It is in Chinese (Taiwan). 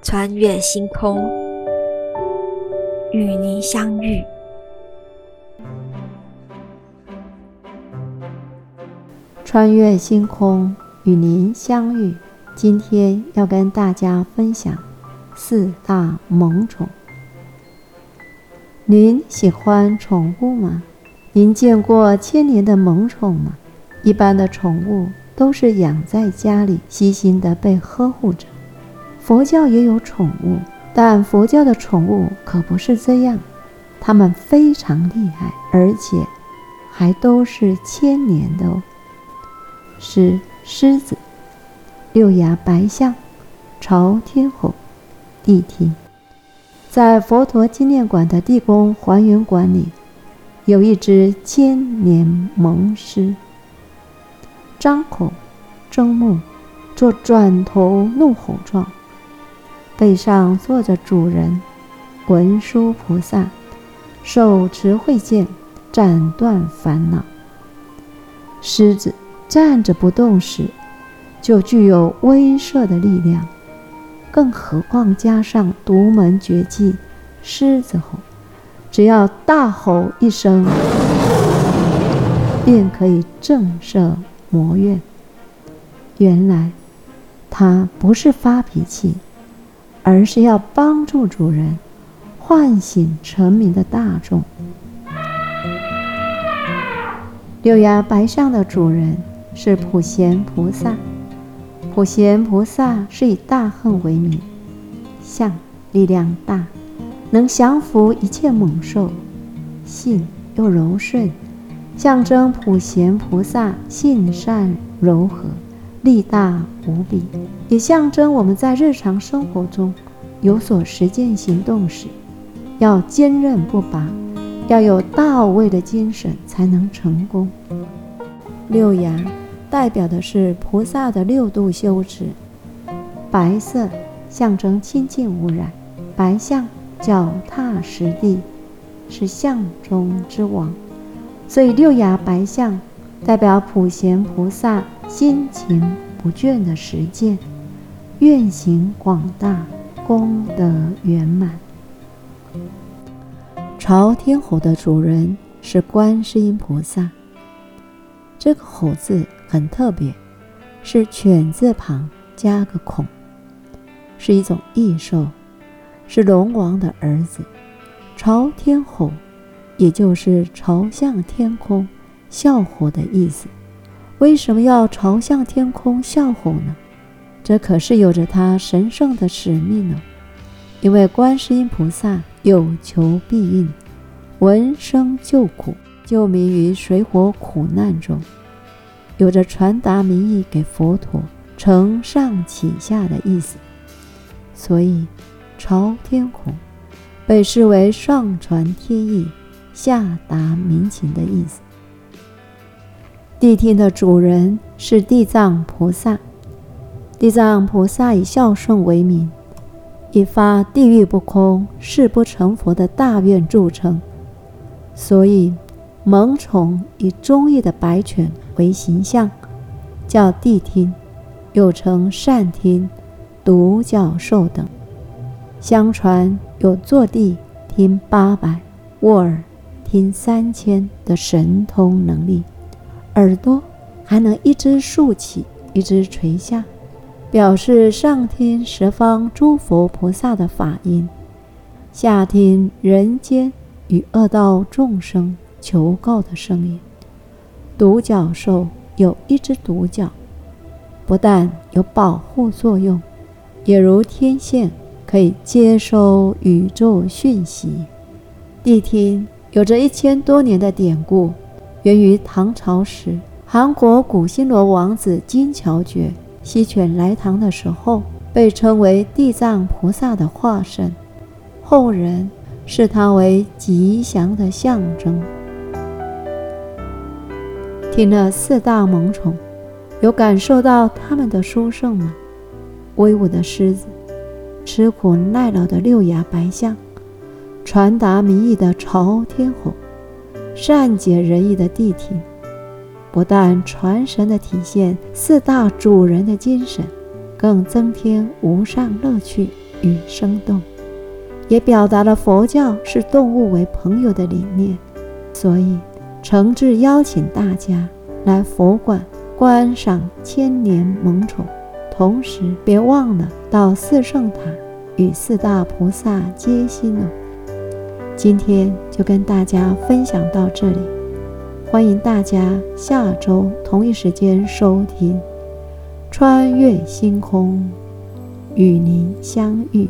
穿越星空，與您相遇。穿越星空，與您相遇。今天要跟大家分享四大萌寵。您喜歡寵物嗎？您見過千年的萌寵嗎？一般的寵物都是養在家裡，悉心的被呵護着。佛教也有寵物，但佛教的寵物可不是這樣，它們非常厲害，而且還都是千年的哦。是獅子、六牙白象、朝天吼、諦聽。在佛陀紀念館的地宮還原館裡，有一隻千年萌獅。張口，睜目，做轉頭怒吼狀。背上坐着主人文殊菩薩，手持慧劍，斬斷煩惱。獅子站着不動時，就具有威懾的力量，更何況加上獨門絕技“獅子吼”，只要大吼一聲，便可以震懾魔怨。原來他不是發脾氣，而是要幫助主人，喚醒沉迷的大眾。啊、六牙白象的主人是普賢菩薩，普賢菩薩是以大恨為名，象力量大，能降服一切猛獸，性又柔順。象徵普賢菩薩性善柔和，力大無比，也象徵我們在日常生活中有所實踐行動時，要堅韌不拔，要有到位的精神才能成功。六牙代表的是菩薩的六度修持，白色象徵清淨無染，白象腳踏實地，是象中之王。所以六牙白象代表普賢菩薩辛勤不倦的實踐，願行廣大，功德圓滿。朝天吼的主人是觀世音菩薩。這個吼字很特別，是犬字旁加個孔，是一種異獸，是龍王的兒子，朝天吼。也就是朝向天空嘯吼的意思。為什麼要朝向天空嘯吼呢？這可是有着它神聖的使命呢。因為觀世音菩薩有求必應，聞聲救苦，救民於水火苦難中，有着傳達民意給佛陀、承上啟下的意思。所以，朝天吼被視為上傳天意。下達民情的意思。諦聽的主人是地藏菩薩，地藏菩薩以孝順為名，以發地獄不空誓不成佛的大願著稱。所以，萌寵以忠義的白犬為形象，叫諦聽，又稱善聽、獨角獸等。相傳有坐地聽八百，沃爾。聽三千的神通能力，耳朵還能一只豎起，一只垂下，表示上聽十方諸佛菩薩的法音，下聽人間與惡道眾生求告的聲音。獨角獸有一只獨角，不但有保護作用，也如天線，可以接收宇宙訊息。諦聽。有着一千多年的典故，源於唐朝時，韓國古新羅王子金喬覺西犬來唐的時候，被稱為地藏菩薩的化身，後人視他為吉祥的象徵。聽了四大萌寵，有感受到他們的殊勝嗎？威武的獅子，吃苦耐勞的六牙白象，傳達民意的朝天吼，善解人意的諦聽，不但傳神的體現四大主人的精神，更增添無上樂趣與生動，也表達了佛教視動物為朋友的理念。所以，誠摯邀請大家來佛館觀賞千年萌寵，同時別忘了到四聖塔與四大菩薩接心諾、哦。今天就跟大家分享到這裡，歡迎大家下周同一時間收聽《穿越星空，與您相遇》。